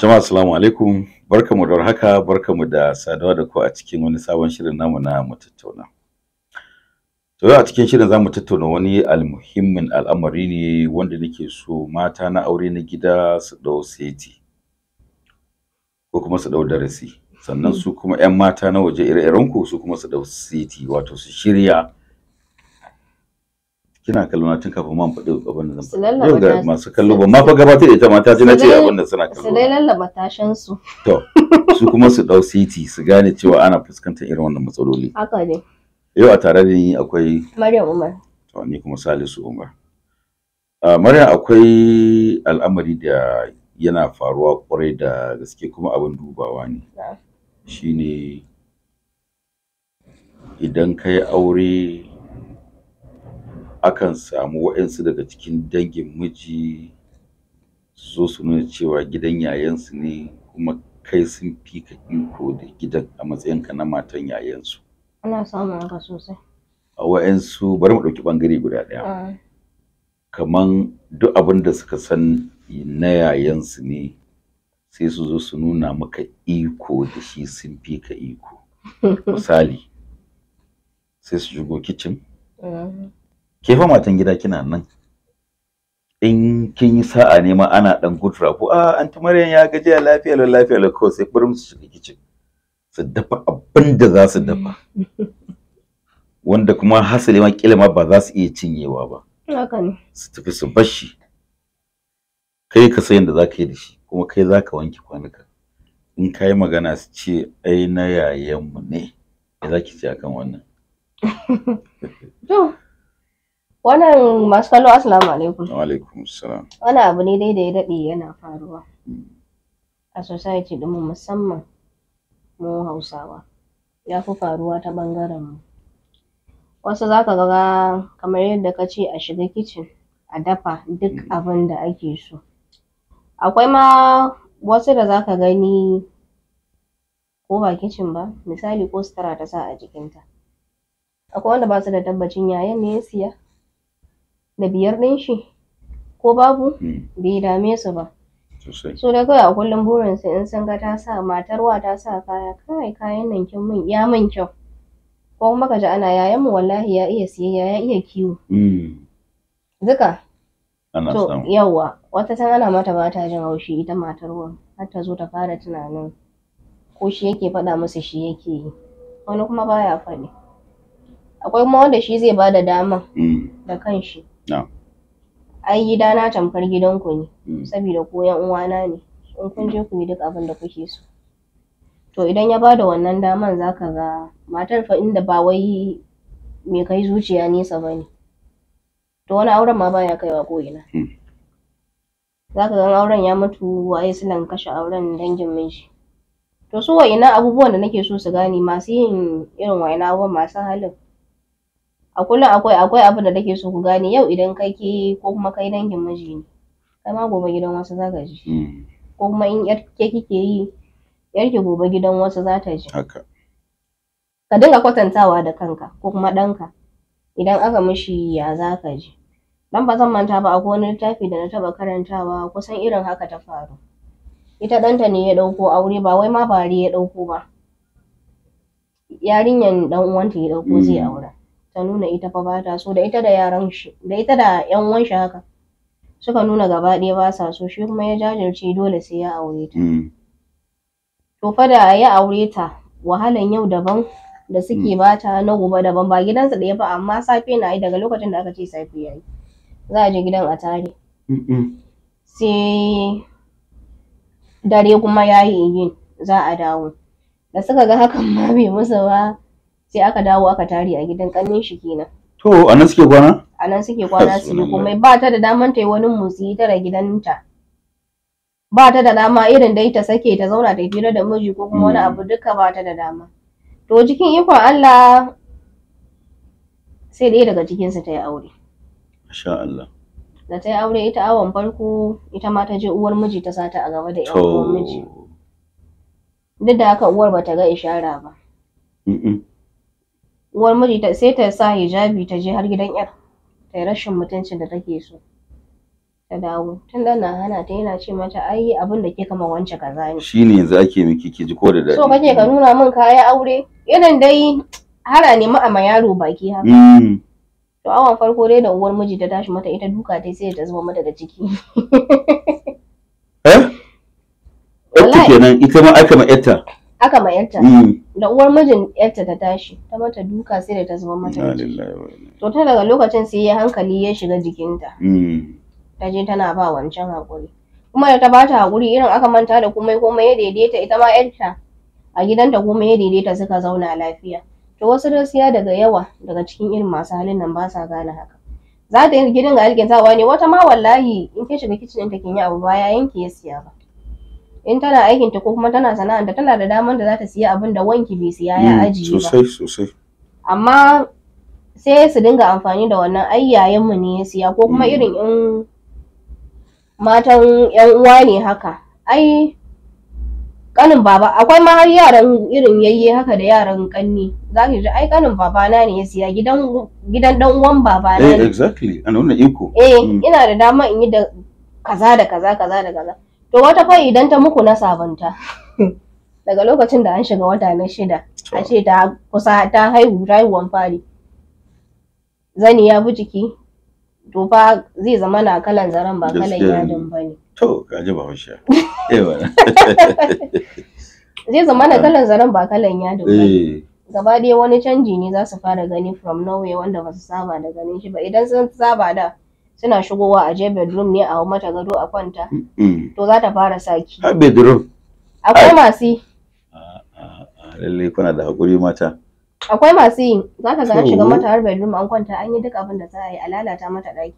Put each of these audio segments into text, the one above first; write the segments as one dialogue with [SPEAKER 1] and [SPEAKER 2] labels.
[SPEAKER 1] Jama'a assalamu alaikum barkamu da haka barkamu da saduwa da ku a cikin wani sabon shirin namu na mu To a cikin shirin zamu tattauna wani almuhimmin al'amari ne wanda nake so mata na aure na gida su dau seti ko kuma su dau darasi sannan su kuma 'yan mata na waje ire-iren ku su kuma su dau seti wato su shirya kina kallo na tun kafin man faɗi abin da zan faɗi yau ga masu kallo ba ma fa gabatar ita ma ta ji na ce abin da suna kallo su
[SPEAKER 2] dai lallaba tashin su
[SPEAKER 1] to su kuma su dau city su gane cewa ana fuskantar irin wannan matsaloli haka ne yau a tare da ni akwai Maryam Umar to ni kuma Salisu Umar a ah, Maryam akwai al'amari da yana faruwa kwarai da gaske kuma abin dubawa ne shine idan kai aure akan samu waɗansu daga cikin dangin miji su zo su nuna cewa gidan yayansu ne kuma kai sun fi ka iko da gidan a matsayinka na matan yayansu.
[SPEAKER 2] Ana samun haka sosai.
[SPEAKER 1] A waɗansu bari mu ɗauki ɓangare guda ɗaya. Ah. Kaman duk abin da suka san na yayansu ne sai su zo su nuna maka iko da shi sun fi ka iko. Misali, sai su shigo kicin. Mm. ke fa matan gida kina nan in kin yi sa'a ne ma ana dan gutura ko a ah, anti maryam ya gaji ya lafiya la lafiya la ko sai burin su shiga kicin su dafa abin da za su dafa wanda kuma hasali ma kila ba za su iya cinyewa ba haka su tafi su bashi. kai ka san yadda za ka yi da shi kuma kai za ka wanke kwanuka in ka yi magana su ce ai na yayanmu ne me za ki ci akan wannan
[SPEAKER 2] Wannan masu kallo assalamu alaikum.
[SPEAKER 1] Wa alaikum salam.
[SPEAKER 2] Wannan abu ne dai da ya daɗe yana faruwa. A society din mu musamman mu Hausawa. Ya fi faruwa ta ɓangaren mu. Wasu za ka ga kamar yadda ka ce a shiga kicin a dafa duk mm. abin da ake so. Akwai ma wasu da za ka gani ko ba kicin ba misali ko sutura ta sa a jikinta. Akwai wanda ba su da tabbacin yayan ne ya siya da biyar ɗin shi ko babu hmm. bai dame su ba so da kawai a kullum burinsu in sun ga ta sa matar wa ta sa kaya kai kayan nan kin mun ya min kyau ko kuma ka ji ana yayan mu wallahi ya iya siyayya ya iya kiwo hmm. ana so yawa wata san ana mata ba ta jin haushi ita matar har ta zo ta fara tunanin ko shi yake faɗa musu shi yake yi wani kuma baya faɗi akwai kuma wanda shi zai ba da dama hmm. da kanshi ai gida na tamkar gidanku ne hmm. saboda ko yan uwana ne in kun je hmm. ku yi duk abin da kuke so to idan ya bada wannan daman zaka ga matar fa inda ba wai mai kai zuciya nesa ba ne to wani auren ma baya kaiwa ko ina hmm. zaka ga auren ya mutu waye silan kashe auren dangin miji to su wa'ina abubuwan da nake so su gane masu yin irin wa'ina abubuwan masu halin a kullum akwai akwai abin da nake so ku gane yau idan kai ke ko kuma kai dangin miji ne kai ma gobe gidan wasu za ka ji hmm. ko kuma in yar ke kike yi yar ki gobe gidan wasu za ta ji ka dinga kwatantawa da kanka ko kuma ɗanka idan aka mishi ya za ka ji dan ba zan manta ba akwai wani littafi da na taba karantawa kusan irin haka ta faru ita ɗanta ne ya ɗauko aure ba wai ma bare ya ɗauko ba yarinyan dan uwanta ya ɗauko zai hmm. aura ta nuna ita fa ba ta so da ita da yaran shi da ita da yan uwan shi haka suka nuna gaba ɗaya ba sa so shi kuma ya jajirce dole sai ya aure ta mm. to fa da ya aure ta wahalan yau daban da suke mm. bata na gobe daban ba gidansa ɗaya ba amma safe na yi daga lokacin da aka ce safe ya yi za a je gidan a tare sai dare kuma ya yi yin za a dawo da suka ga hakan ma bai musu ba sai aka dawo aka tare a gidan kannin shi kenan
[SPEAKER 1] to a nan suke kwana
[SPEAKER 2] a nan suke kwana su yi komai ba ta da daman ta yi wani motsi tara gidanta ba ta da dama irin dai ta sake ta zauna ta fira da miji ko kuma wani hmm. abu duka ba ta da dama to cikin ikon Allah sai ɗaya daga cikinsu ta yi aure
[SPEAKER 1] masha Allah
[SPEAKER 2] da ta yi aure ita awon farko ita ma ta je uwar miji ta sata a gaba da yan uwar miji duk da haka uwar bata ga ishara ba uwar miji ta sai ta sa hijabi ta je har gidan yar ta rashin mutuncin da take so ta dawo tun da na hana ta yana ce mata ai abin da ke kama wance kaza ne shine
[SPEAKER 1] yanzu ake miki ki ji ko da so
[SPEAKER 2] kake ka nuna min kaya aure irin dai hara ne ma amma yaro baki haka mm. to awon farko dai da uwar miji ta tashi mata ita duka dai sai ta zuba mata da ciki eh kenan ita ma aka ma aka ma yarta mm. da uwar mijin yarta ta tashi ta mata duka sai da ta zama mata to ta daga lokacin sai ya hankali ya shiga jikinta mm. ta je tana ba wancan hakuri kuma da ta bata hakuri irin aka manta da komai komai ya daidaita ita ma yarta a gidanta komai ya daidaita suka zauna lafiya to wasu siya daga yawa daga cikin irin masu halin nan ba sa gane haka za ta yi gidan ga alkintawa ne wata ma wallahi in ke shiga kicin ɗin ta yi abu ba ya yanke ya siya ba in tana aikinta ko kuma tana sana'anta tana da damar da za ta siya abin da wanki bai siya ya hmm, ajiye ba sosai sosai amma sai su dinga amfani da wannan ai mu ne ya siya ko kuma hmm. irin in matan yan uwa ne haka ai kanin baba akwai ma har yaran irin yayye haka da yaran kanni za ki ji ai kanin babana ne ya siya gidan gidan dan uwan babana ne eh,
[SPEAKER 1] exactly an wannan iko eh hmm. ina
[SPEAKER 2] da dama in yi da kaza da kaza kaza da kaza to wata fa idan ta muku na sabanta daga lokacin da an shiga wata na shida a ce ta kusa ta haihu haihuwan fari zani ya bi jiki to fa zai zama na kalan zaren ba kalan yadin ba ne
[SPEAKER 1] to gaji ba eh
[SPEAKER 2] zai zama na ah. kalan zaren ba kalan yadin ba eh. gaba ɗaya wani canji ne za su fara gani from nowhere wanda ba su saba da ganin shi ba idan sun saba da suna shigowa a je bedroom ne a hau mata gado a kwanta to za ta fara saki a bedroom akwai masu yi
[SPEAKER 1] lalle kuna da hakuri mata
[SPEAKER 2] akwai masu yi za ka ga shiga mata har bedroom an kwanta an yi duk abin da za a yi a lalata mata ɗaki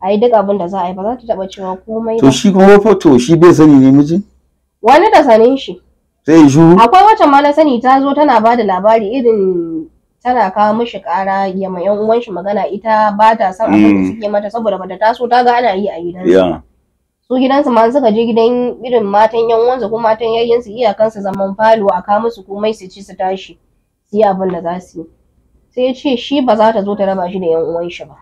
[SPEAKER 2] a yi duk abin da za a yi ba za ta taɓa cewa komai ba to shi
[SPEAKER 1] kuma fa to shi bai sani ne miji
[SPEAKER 2] wani da sanin shi sai shiru akwai wacce ma na sani ta zo tana ba da labari irin tana kawo mishi kara ya ma yan uwan shi magana ita ba ta son abin da mm. suke mata saboda bata taso ta ga ana yi a gidan su gidan su ma suka je gidan irin matan yan uwansu ko matan iyakan su zaman falo a kawo musu komai su ci su tashi su yi abin da za su yi sai ya ce shi ba za ta zo ta raba shi da yan uwan shi ba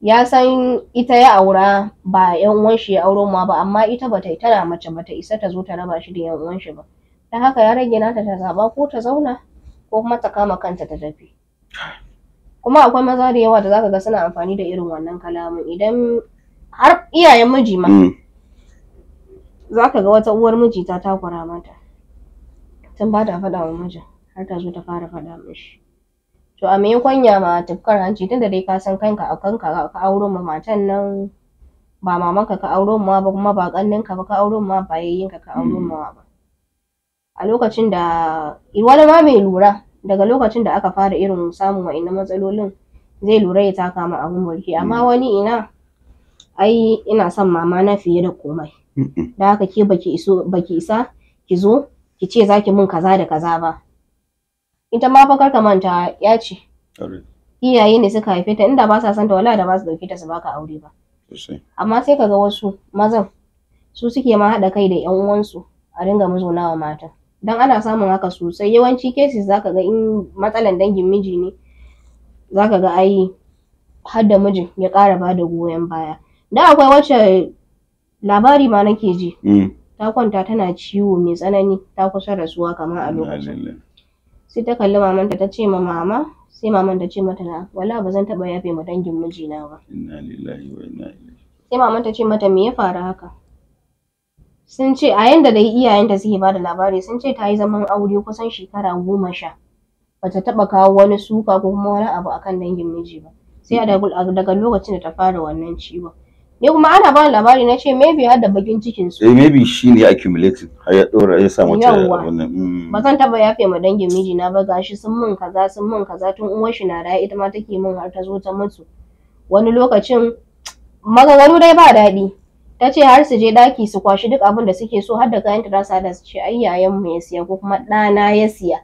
[SPEAKER 2] ya san ita ya aura ba yan uwan shi ya auro ma ba amma ita bata tana mace ba ta isa ta zo ta raba shi da yan uwan shi ba Ta haka ya rage nata ta zaba ko ta zauna ko kuma ta kama kanta ta tafi kuma akwai maza da yawa da zaka ga suna amfani da irin wannan kalamun. idan har iyayen miji ma mm. zaka ga wata uwar miji ta takura mata tun ba ta faɗa wa mijin har ta zo ta fara faɗa mishi to a mai kwanya ma tufkar hanci da dai ka san kanka a kanka ka auro ma matan nan ba mamanka ka auro ma ba kuma ba kanninka ba ka auro ma ba yayyinka ka auro ma ba a lokacin da wani ma mai lura daga lokacin da aka fara irin samun wa'innan matsalolin zai lura ya taka ma abun mulki amma mm. wani ina ai ina son mama na fiye da komai da haka ke baki isa ki zo ki ce zaki mun kaza da kaza ba ita ma fakar ka manta ya ce iyaye ne suka haife ta inda ba sa santa wala da ba su dauke ta su baka aure ba amma sai kaga wasu mazan su suke ma haɗa kai da 'yan uwansu a ringa mazauna wa matan dan ana samun haka sosai yawanci cases zaka ga in matsalan dangin miji ne zaka ga ai har da mijin ya ƙara bada goyon baya da akwai wacce labari ma nake ji mm. ta kwanta tana ciwo mai tsanani ta kusa rasuwa kamar a lokacin sai ta kalli mamanta ta ce ma mama sai maman ta ce mata na wala ba zan taɓa yafe ma dangin mijina ba sai maman ta ce mata me ya faru haka sun ce a yanda da iyayenta suke bada labari sun ce ta yi zaman aure kusan shekara goma sha bata taba kawo wani suka ko kuma wani abu akan dangin miji ba sai daga lokacin da ta fara wannan ciwon ni kuma ana bada labari na ce maybe har da bakin cikin su eh maybe
[SPEAKER 1] shi ne accumulated har ya dora ya samu ta wannan mm. ba
[SPEAKER 2] zan taba yafe ma dangin miji na ba gashi sun mun kaza sun mun kaza tun uwar shi na raya ita ma take mun har ta zo ta mutu wani lokacin maganganu dai ba daɗi ta ce har su je ɗaki su kwashi duk abin da suke so har da kayan rasa da su ce ai yayan mu ya siya ko kuma ɗana ya siya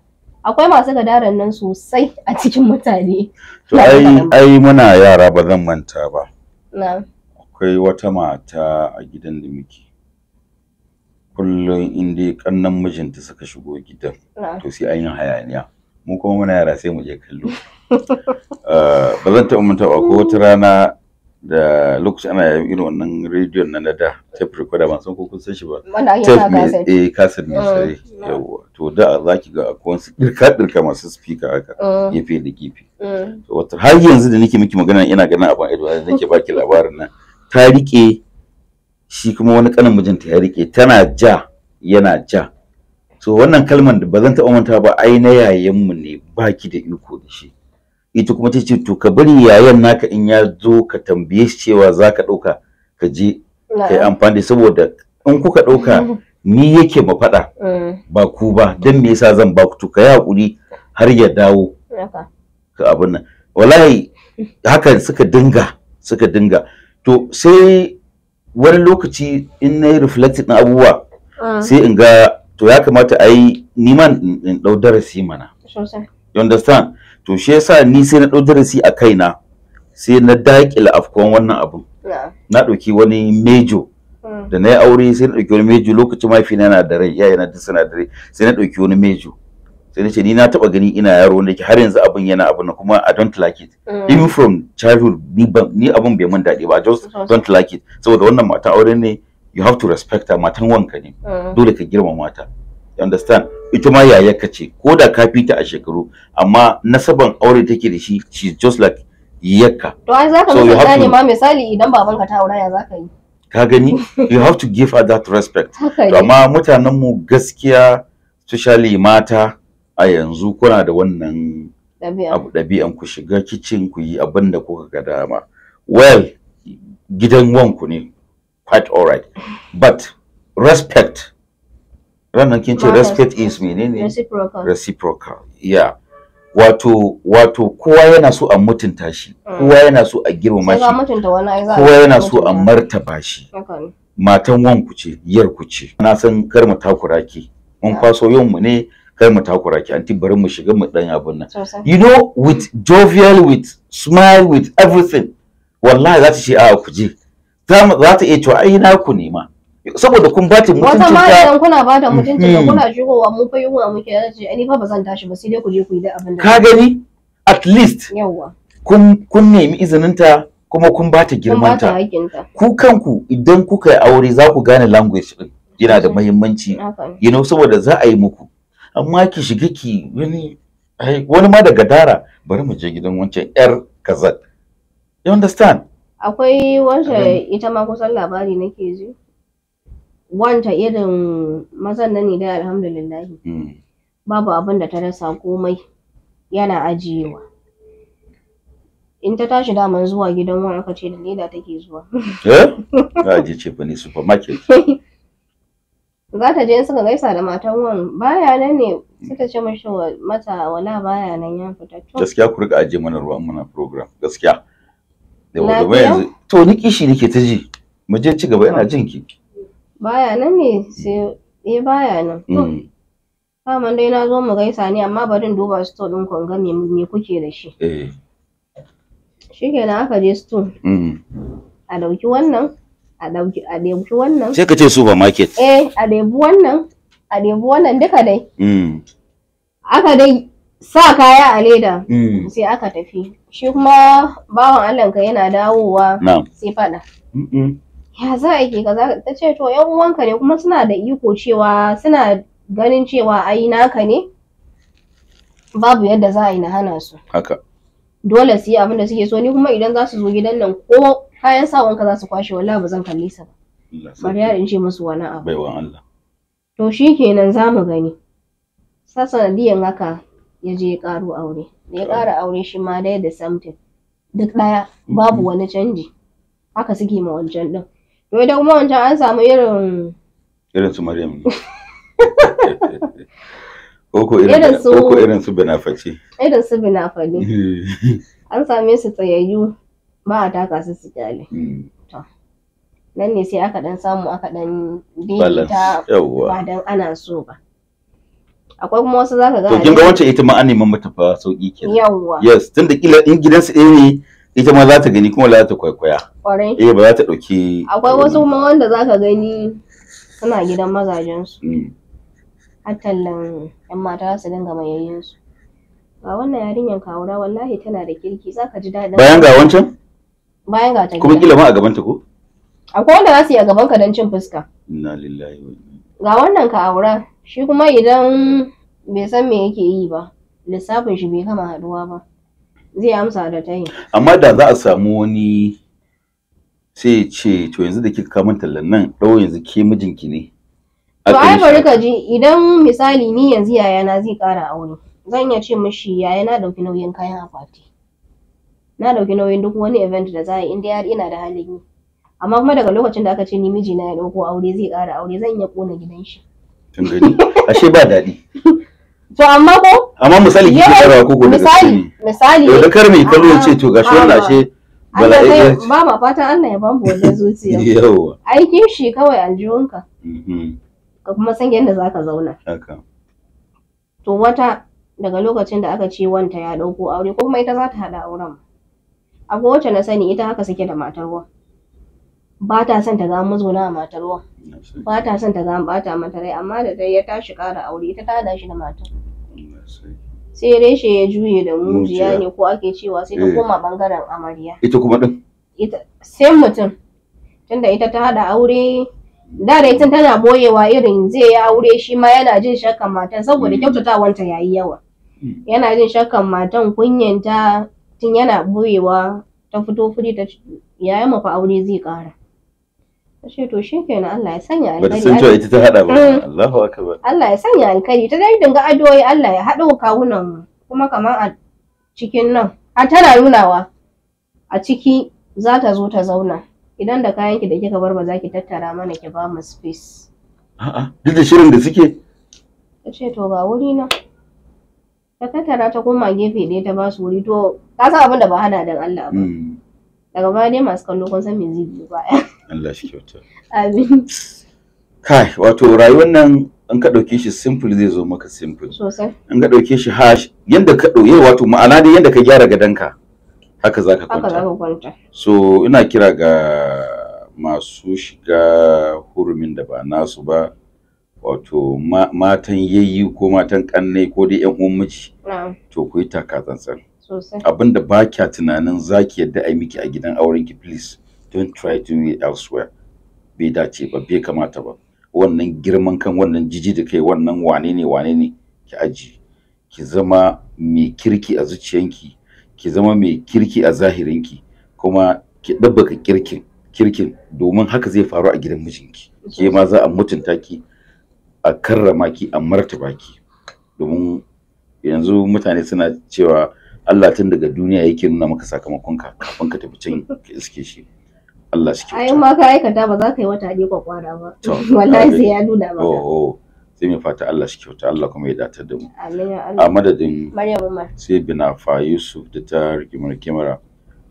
[SPEAKER 2] akwai masu gadaran nan sosai a cikin mutane to ai
[SPEAKER 1] ai muna yara ba zan manta ba na'am akwai wata mata a gidan da muke kullum in dai kannan mijinta suka shigo gidan to sai an yi hayaniya mu kuma muna yara sai mu je kallo eh, ba zan taɓa mun taɓa ko wata rana da lokaci ana yin irin wannan rediyon na nada tape recorder ban san ko kun san shi ba tape mai a cassette mai sare yawa to da zaki ga akwai wasu dirka dirka masu speaker haka mm. gefe da gefe mm. wata har yanzu da nake miki magana ina ganin abin ido da nake baki labarin nan ta rike shi kuma wani kanin mijinta ya rike tana ja yana ja To wannan kalmar da ba zan taɓa manta ba ai na yayanmu ne baki da iko da shi ita kuma tace to ka bari yayan naka in ya zo ka tambaye shi cewa ka ɗauka ka je kai amfani saboda in kuka ɗauka ni yake ma faɗa mm. ba ku ba don me yasa zan ba ku to ka yi hakuri har ya dawo ka abin nan wallahi haka suka dinga suka dinga to sai wani lokaci in na yi reflected na abubuwa mm. sai in ga to ya kamata a yi niman in ɗau darasi mana you understand to shi yasa ni sai na dau darasi a kaina sai na daƙila afkuwan wannan abun na ɗauki wani mejo mm. da na yi aure sai na ɗauki wani mejo lokacin mahaifina na da rai yayana duk da rai sai na ɗauki wani mejo sai na ce ni na taba gani ina yaro wanda yake har yanzu abin yana abin na kuma I don't like it mm. even from childhood ni ban ni abin bai mun dadi ba just mm. don't like it saboda wannan mata aure ne you have to respect her matan wanka ne dole ka girmama mata. you understand ita ma yayarka ce ko da ka fita a shekaru amma nasaban aure take da shi she's just like yayyaka
[SPEAKER 2] to ai zaka so misali gane ma misali idan baban ka ta aura ya zaka yi
[SPEAKER 1] ka gani you have to give her that respect to amma mutanen mu gaskiya especially mata a yanzu kuna da wannan abu dabi'an ku shiga kitchen ku yi abin da kuka ga dama well gidan wanku ne quite alright but respect ranar kin ce respect is menene
[SPEAKER 2] reciprocal
[SPEAKER 1] reciprocal yeah wato wato kowa yana so a mutunta shi mm. kowa yana so a girmama shi
[SPEAKER 2] kowa yana so
[SPEAKER 1] a martaba shi matan wanku ce yar ku ce na san kar mu takura ki mun kwaso mu ne kar mu takura ki anti bari mu shiga mu dan abun nan you know with jovial with smile with everything wallahi za ta ce a ku je za ta iya cewa ai na ku nema saboda kun ba ta mutunci wata ma idan kuna
[SPEAKER 2] ba ta mm-hmm. mutunci da kuna shigowa mun fa yunwa muke yace ani fa ba zan tashi ba sai dai ku je ku yi da abin da ka gani
[SPEAKER 1] at least yawa kun kun nemi izinin ta kuma kun ba ta ta ku kanku idan kuka yi aure za ku gane language din yana da muhimmanci you know saboda za a yi muku amma ki shiga ki wani wani ma daga dara bari mu je gidan wancan yar kazan you understand
[SPEAKER 2] akwai wancan ita ma kusan labari nake ji wanta irin mazan nan ne dai alhamdulillah hmm. babu abin da ta rasa komai yana ajiyewa in ta tashi daman zuwa gidan wani aka ce da leda take zuwa
[SPEAKER 1] eh za je ce fa ni supermarket
[SPEAKER 2] za ta je in suka gaisa da matan wan baya nan ne suka ce mashi mata wala baya nan ya fita to
[SPEAKER 1] gaskiya ku rika aje mana ruwan muna program gaskiya
[SPEAKER 2] da wanda
[SPEAKER 1] to ni kishi nake ta ji mu je ci gaba ina jin ki
[SPEAKER 2] baya nan ne sai eh baya nan hmm. daman dai na zo mu gaisa ne amma barin duba store ɗin kun ga me kuke da shi eh. shikenan aka je store hmm. a ɗauki wannan a ɗauki a ɗebi wannan sai ka
[SPEAKER 1] ce supermarket
[SPEAKER 2] eh a ɗebi wannan a ɗebi wannan duka dai hmm. aka dai sa kaya a leda sai aka tafi shi kuma bawan allahnka yana dawowa sai faɗa ya za a ke kaza ta ce to yan uwanka ne kuma suna da iko cewa suna ganin cewa ai naka ne babu yadda za a yi na hana su dole su yi abin da suke so ni kuma idan za su zo gidan nan ko kayan sawanka za su kwashe wallahi ba zan kalli sa? ba bari in ce musu wani abu baiwa Allah to shikenan za mu gani sasanadiyan haka ya je ya karo aure da ya kara aure shi ma daya da samtin? duk ɗaya, babu wani canji haka suke ma wancan din To ita kuma wancan an samu irin.
[SPEAKER 1] Irin su Maryam. oko irin su oko irin su Binafaci.
[SPEAKER 2] Irin su Binafani. An same su tsayayyu ba a taka su su kyale. Hmm. Nan ne sai aka dan samu aka dan daidaita ba dan ana so ba. akwai kuma wasu zaka ga to kin ga wacce
[SPEAKER 1] ita ma an neman mata fa sauki kenan yawwa yes tunda kila in gidansu ɗaya ne ita ma za ta gani kuma za ta kwaikwaya
[SPEAKER 2] kwarai eh ba za
[SPEAKER 1] ta dauki
[SPEAKER 2] akwai wasu ma wanda za ka gani suna gidan mazajensu mm. hatallan yan mata su dinga su. ga wannan yarinyar kawura wallahi tana da kirki za ka ji daɗin bayan ga wancan bayan ga ta kuma kila ma a gaban ta ko akwai wanda za su yi a gaban ka don cin fuska
[SPEAKER 1] inna lillahi wa
[SPEAKER 2] ga wannan kawura shi kuma idan bai san me yake yi ba lissafin shi bai kama haduwa ba zai amsa da ta yi.
[SPEAKER 1] amma da za a samu wani sai ce to yanzu da kika kamun tallan nan ɗau yanzu ke mijinki ne
[SPEAKER 2] to ai bari ka ji idan misali ni yanzu yayana zai ƙara aure zan iya ce mishi yayana ɗauki nauyin kayan akwati na ɗauki nauyin duk wani event da za a yi in dai har ina da halin yi amma kuma daga lokacin da aka ce ni mijina ya ɗauko aure zai ƙara aure zan iya ƙona gidan shi
[SPEAKER 1] tun gani ashe ba daɗi
[SPEAKER 2] to amma ko amma misali kike karawa ko ko misali misali to da karmi kallo ce to ah, gashi wannan ah, ashe ah. bala ya ba ma fatan Allah ya bamu wannan zuciya yawa aikin shi kawai aljihunka mhm. ka kuma san yadda zaka zauna to wata daga lokacin da aka ce wanta ya dauko aure ko kuma ita za ta hada auren akwai wacce na sani ita haka suke da matar wa ba ta son ta zama mazauna a matarwa ba ta son ta zama bata mata rai amma da dai ya tashi ƙara aure ta da shi da matar sai reshe ya juye da mujiya ne ko ake cewa sai ta eh. koma bangaren amarya ita kuma din ita sai mutum tunda ita ta hada aure da dai tun tana boyewa irin zai ya aure shi ma yana jin shakkan matan saboda mm. ta yayi yawa mm. yana jin shakkan matan kunyanta tun yana boyewa ta fito fili ta yayi mafa aure zai kara ce to shi kenan Allah ya sanya alkhairi. Bata san cewa ita ta haɗa ba. Mm.
[SPEAKER 1] Allahu akbar.
[SPEAKER 2] Allah ya sanya alkhairi ta dai dinga addu'o'i Allah ya haɗo kawunan mu kuma kamar a cikin nan a tana nunawa a ciki za ta zo ta zauna idan da kayan ki da kika bar ba za ki tattara mana ki ba mu space.
[SPEAKER 1] A'a duk da shirin da suke.
[SPEAKER 2] Ta ce to ga wuri na. Ta tattara ta koma gefe ne ta ba su wuri to ka san abin da ba hana dan Allah ba. Mm. daga baya dai masu kallo kun san me zai biyo baya
[SPEAKER 1] Allah shi kyauta
[SPEAKER 2] amin
[SPEAKER 1] kai wato rayuwar nan in ka dauke shi simple zai zo maka simple sosai in ka dauke shi hash yanda ka ɗauke wato ma'ana dai yanda ka gyara gadonka haka za ka
[SPEAKER 2] kwanta
[SPEAKER 1] so ina kira ga masu shiga hurumin da ba nasu ba wato matan yayyi ko matan kanne ko dai yan uwan miji to ku yi taka tsantsan abin da ba kya tunanin za ki yadda a miki a gidan auren ki please don't try to it elsewhere bai dace ba bai kamata ba wannan girman kan wannan jiji da kai wannan wane ne wane ne ki aji ki zama mai kirki a zuciyanki ki zama mai kirki a zahirinki kuma ki dabbaka kirkin kirkin domin haka zai faru a gidan mijinki ke ma za a mutunta ki a karrama ki a martaba ki domin yanzu mutane suna cewa Allah tun daga duniya yake nuna maka sakamakon ka kafin ka tafi can ka iske shi Allah shi kyauta.
[SPEAKER 2] Ai ma ka aikata ba za ka yi wata ne kwakwara ba. Wallahi sai ya nuna maka.
[SPEAKER 1] Oh, oh. Sai mai fata Allah shi kyauta Allah kuma ya datar da mu.
[SPEAKER 2] Amin A
[SPEAKER 1] madadin Maryam Umar. Sai Binafa Yusuf da ta rigimar kamera.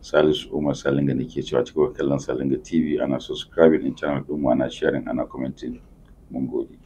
[SPEAKER 1] Salisu Umar Salinga da ke cewa cikin kallon Salinga TV ana subscribing din channel mu ana sharing ana commenting. Mun gode.